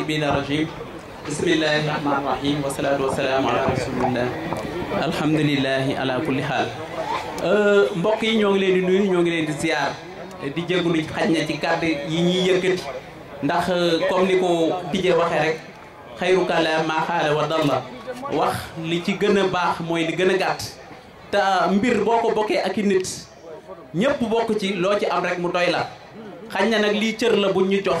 بين الرجيم بسم الله الرحمن الرحيم والصلاة والسلام على رسول الله الحمد لله على كل حال mbokk yi ñoo ngi leen di nuyu ñoo ngi leen di ziar di jégalu xaj na ci kàddu yi ñuy yëkkati ndax comme ni ko dijee waxee rek xayru kalaam maa xaala wa dalla wax li ci gën a baax mooy li gën a gàtt te mbir boo ko bokkee ak i nit ñëpp bokk ci loo ci am rek mu doy la xaj na nag lii cër la buñ ñu jox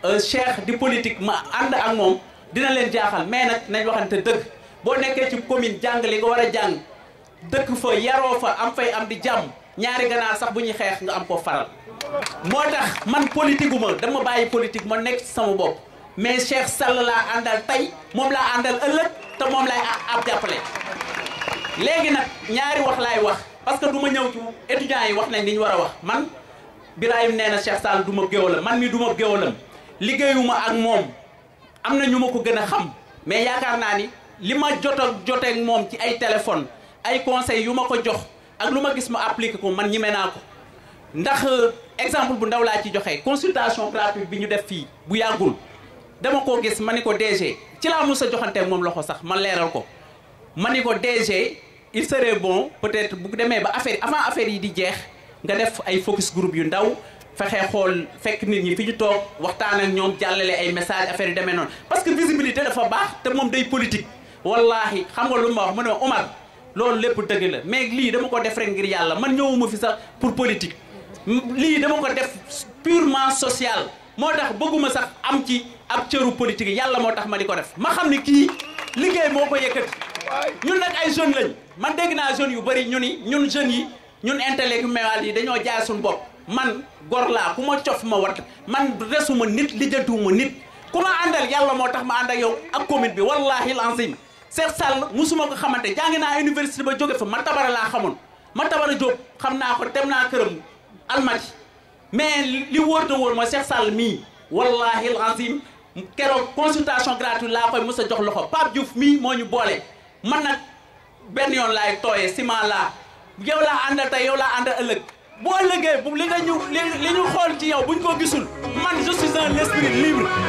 Euh, cheikh di politique ma and ak mom dina len jaxal mais nak nañ waxante deug bo nekké ci commune jang li nga wara jang jàng fa yaro fa am fay am di jam ñaari gana sax buñu xex nga am ko faral motax man politique dama bayyi politique mo nekk ci sama bop mais Cheikh Sall la andal tay mom la andal euleuk te mom lay ab jappalé légui nak ñaari wax lay wax parce que duma ñew ci étudiant yi wax nañ niñ wara wax man Birahim nee na Cheikh Sall du ma man mi du ma liggéeyuma ak moom am na ñu ma ko gën a xam mais yaakaar naa ni li ma jot a joteeg moom ci ay téléphone ay conseils yu ma ko jox ak lu ma gis ma appliqué ko man ñeme naa ko ndax euh, exemple bu ndaw laa ci joxe consultation gratuite bi ñu def fii bu yàggul dama koo gis ma ni ko DG ci laa mos a joxanteeg moom loxo sax man leeral ko ma ni ko DG il serait bon peut-être bu demee ba affaire avant affaire yi di jeex nga def ay focus group yu ndaw fexe xool fekk nit ñi fi ñu toog waxtaan ak ñoom jàllale ay message affaire yu demee noonu parce que visibilité dafa baax te moom day politique wallaahi xam nga lu ma wax mu ne Omar loolu lépp dëgg la mais lii dama ko def rek ngir yàlla man ñëwuma fi sax pour politique lii dama ko def purement social moo tax bëgguma sax am ci ab cëru politique yàlla moo tax ma di ko def ma xam ni kii liggéey moo ko yëkkati ñun nag ay jeunes lañ man dégg naa jeunes yu bëri ñu ni ñun jeunes yi ñun intellectuels yi dañoo jaay suñu man gor laa ku ma cof ma wat man resuma nit lijjantiwuma nit ku ma àndal yàlla moo tax ma ànd ak yow ak commune bi wallahi lancim Cheikh Sall musuma ko xamante jàngi naa université ba jóge fa ma tabara laa xamoon ma tabara jóg xam naa ko tem naa këram almaci mais li wóor te wóor mooy Cheikh Sall mii wallahi lancim keroog consultation gratuite laa koy mos a jox loxo Pape Diouf mii moo ñu boole man na benn yoon laay tooyee ciment laa yow laa àndal tey yow laa àndal ëllëg boo ëllëgee bu li nga ñu li ñu xool ci yow buñ ko gisul man je suis un esprit libre